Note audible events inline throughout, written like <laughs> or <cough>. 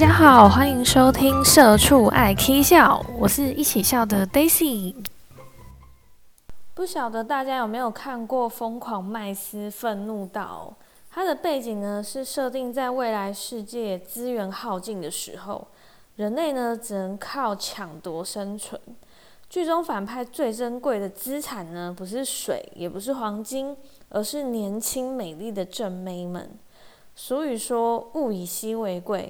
大家好，歡迎收聽《社畜愛 k 笑》，我是一起笑的 Daisy。不曉得大家有沒有看過《瘋狂麥斯憤怒道》它的背景呢，是設定在未來世界資源耗盡的時候，人類呢只能靠搶奪生存。劇中反派最珍貴的資產呢不是水，也不是黃金，而是年輕美麗的正妹們。所以說物以稀為貴。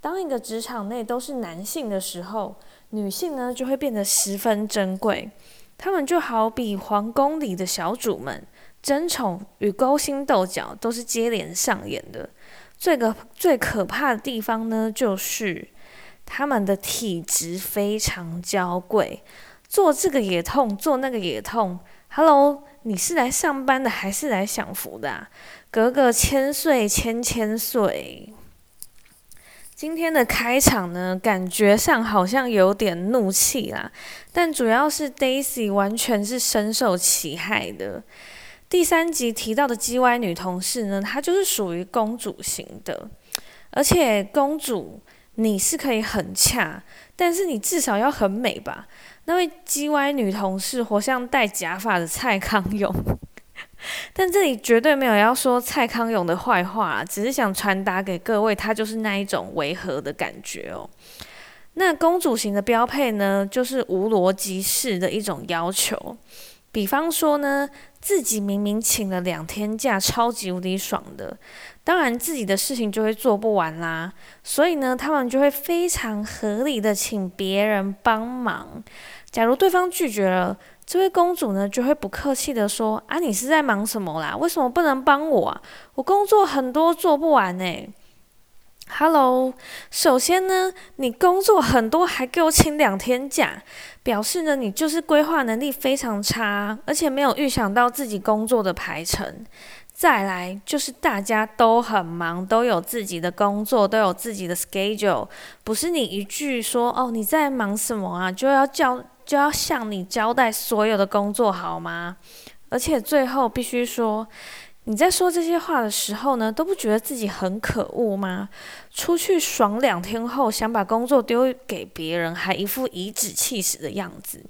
當一個職場內都是男性的時候，女性呢就會變得十分珍貴。她們就好比皇宮裡的小主們，爭寵與勾心鬥角都是接連上演的。最可最可怕的地方呢，就是她們的體質非常嬌貴，做這個也痛，做那個也痛。Hello，你是來上班的還是來享福的啊？格格千歲，千千歲。今天的開場呢，感覺上好像有點怒氣啦，但主要是 Daisy 完全是深受其害的。第三集提到的 GY 女同事呢，她就是屬於公主型的，而且公主你是可以很恰，但是你至少要很美吧？那位 GY 女同事活像戴假髮的蔡康永。但這裡絕對沒有要說蔡康永的壞話，只是想傳達給各位，他就是那一種違和的感覺哦。那公主型的標配呢，就是無邏輯式的一種要求。比方說呢，自己明明請了兩天假，超級無敵爽的，當然自己的事情就會做不完啦、啊。所以呢，他們就會非常合理的請別人幫忙。假如對方拒絕了。這位公主呢，就會不客氣的說：“啊，你是在忙什麼啦？為什麼不能幫我啊？我工作很多，做不完欸。”Hello，首先呢，你工作很多，還給我請兩天假，表示呢，你就是規劃能力非常差，而且沒有預想到自己工作的排程。再來就是大家都很忙，都有自己的工作，都有自己的 schedule，不是你一句說“哦，你在忙什麼啊”，就要叫。就要向你交代所有的工作好嗎？而且最後必須說，你在說這些話的時候呢，都不覺得自己很可惡嗎？出去爽兩天後，想把工作丟給別人，還一副頤指氣使的樣子。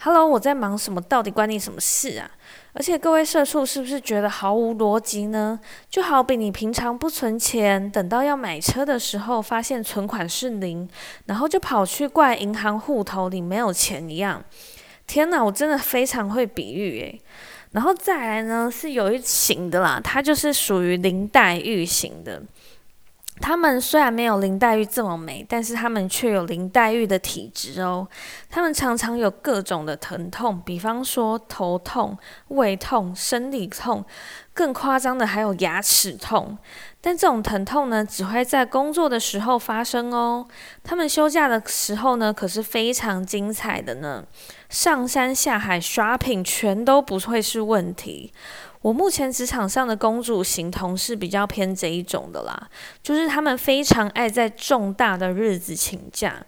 Hello，我在忙什麼？到底關你什麼事啊？而且各位社畜是不是覺得毫無邏輯呢？就好比你平常不存錢，等到要買車的時候，發現存款是零，然後就跑去怪銀行戶頭裡沒有錢一樣。天哪，我真的非常會比喻誒。然後再來呢，是有一型的啦，它就是屬於林黛玉型的。他們雖然沒有林黛玉這麼美，但是他們卻有林黛玉的體質哦。他們常常有各種的疼痛，比方說頭痛、胃痛、生理痛，更誇張的還有牙齒痛。但這種疼痛呢，只會在工作的時候發生哦。他們休假的時候呢，可是非常精彩的呢。上山下海、shopping 全都不會是問題。我目前職場上的公主型同事比較偏這一種的啦，就是他們非常愛在重大的日子請假，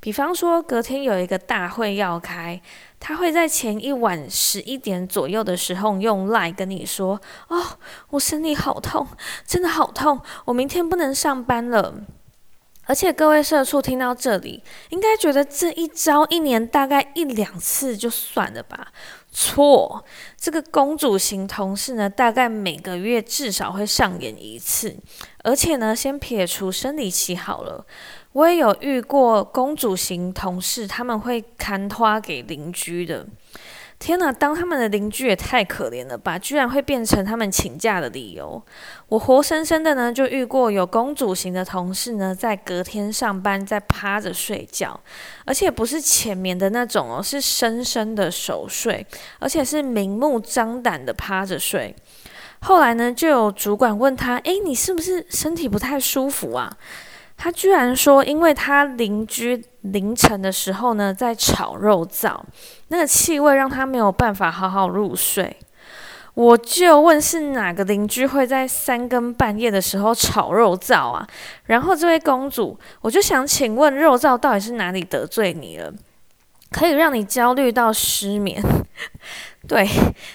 比方說隔天有一個大會要開，他會在前一晚十一點左右的時候用 LINE 跟你說：“哦，我身體好痛，真的好痛，我明天不能上班了。”而且各位社畜聽到這裡，應該覺得這一招一年大概一兩次就算了吧？錯，這個公主型同事呢，大概每個月至少會上演一次。而且呢，先撇除生理期好了，我也有遇過公主型同事，他們會看花給鄰居的。天吶，當他們的鄰居也太可憐了吧！居然會變成他們請假的理由。我活生生的呢，就遇過有公主型的同事呢，在隔天上班在趴着睡覺，而且不是淺眠的那種哦，是深深的熟睡，而且是明目張膽的趴着睡。後來呢，就有主管問他：“誒，你是不是身體不太舒服啊？”他居然說，因為他鄰居凌晨的時候呢，在炒肉燥，那個氣味讓他沒有辦法好好入睡。我就問，是哪個鄰居會在三更半夜的時候炒肉燥啊？然後這位公主，我就想請問，肉燥到底是哪裡得罪你了，可以讓你焦慮到失眠？ <laughs> 對，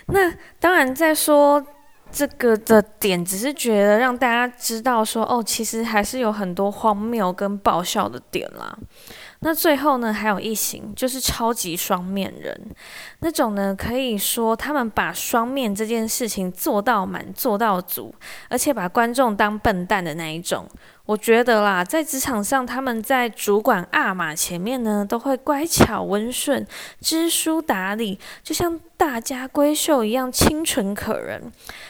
那當然在說。這個的點只是覺得讓大家知道說，哦，其實還是有很多荒謬跟爆笑的點啦。那最後呢，還有一型就是超級雙面人，那種呢，可以說他們把雙面這件事情做到滿做到足，而且把觀眾當笨蛋的那一種。我覺得啦，在職場上，他們在主管阿瑪前面呢，都會乖巧溫順、知書達理，就像大家閨秀一樣清純可人；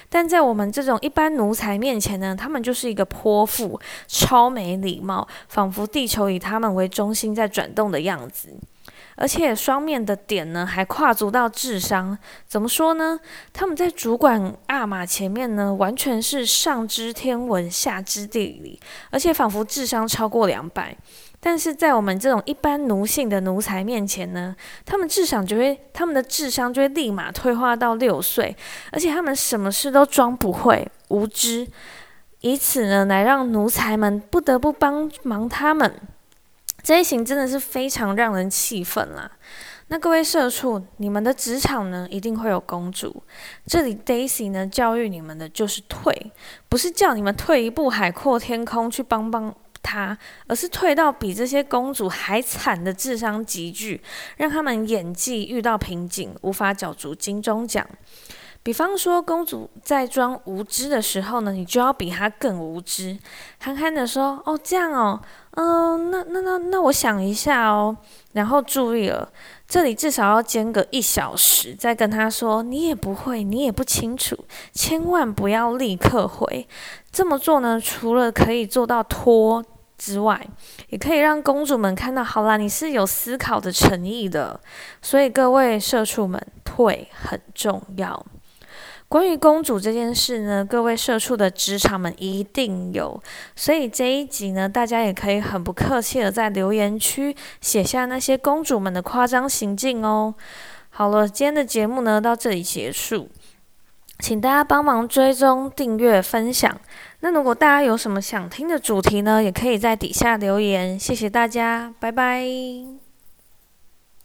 但在我們這種一般奴才面前呢，他們就是一個潑婦，超沒禮貌，仿佛地球以他們為中心。在轉動的樣子，而且雙面的點呢，還跨足到智商。怎麼說呢？他們在主管阿瑪前面呢，完全是上知天文，下知地理，而且仿佛智商超過兩百。但是在我們這種一般奴性的奴才面前呢，他們智商就會，他們的智商就會立馬退化到六歲，而且他們什麼事都裝不會，無知，以此呢來讓奴才們不得不幫忙他們。這一行真的是非常讓人氣憤啦！那各位社畜，你們的職場呢，一定會有公主。這裡 Daisy 呢，教育你們的就是退，不是叫你們退一步海闊天空去幫幫她，而是退到比這些公主還慘的智商極劇，讓他們演技遇到瓶頸，無法角逐金鐘獎。比方說，公主在裝無知的時候呢，你就要比她更無知，憨憨地說：“哦，這樣哦，嗯，那那那那，那那我想一下哦。”然後注意了，這裡至少要間隔一小時再跟她說：“你也不會，你也不清楚。”千萬不要立刻回。這麼做呢，除了可以做到拖之外，也可以讓公主們看到，好啦，你是有思考的誠意的。所以各位社畜們，退很重要。關於公主這件事呢，各位社畜的職場們一定有，所以這一集呢，大家也可以很不客氣的在留言區寫下那些公主們的誇張行徑哦。好了，今天的節目呢到這裡結束，請大家幫忙追蹤、訂閱、分享。那如果大家有什麼想聽的主題呢，也可以在底下留言。謝謝大家，拜拜。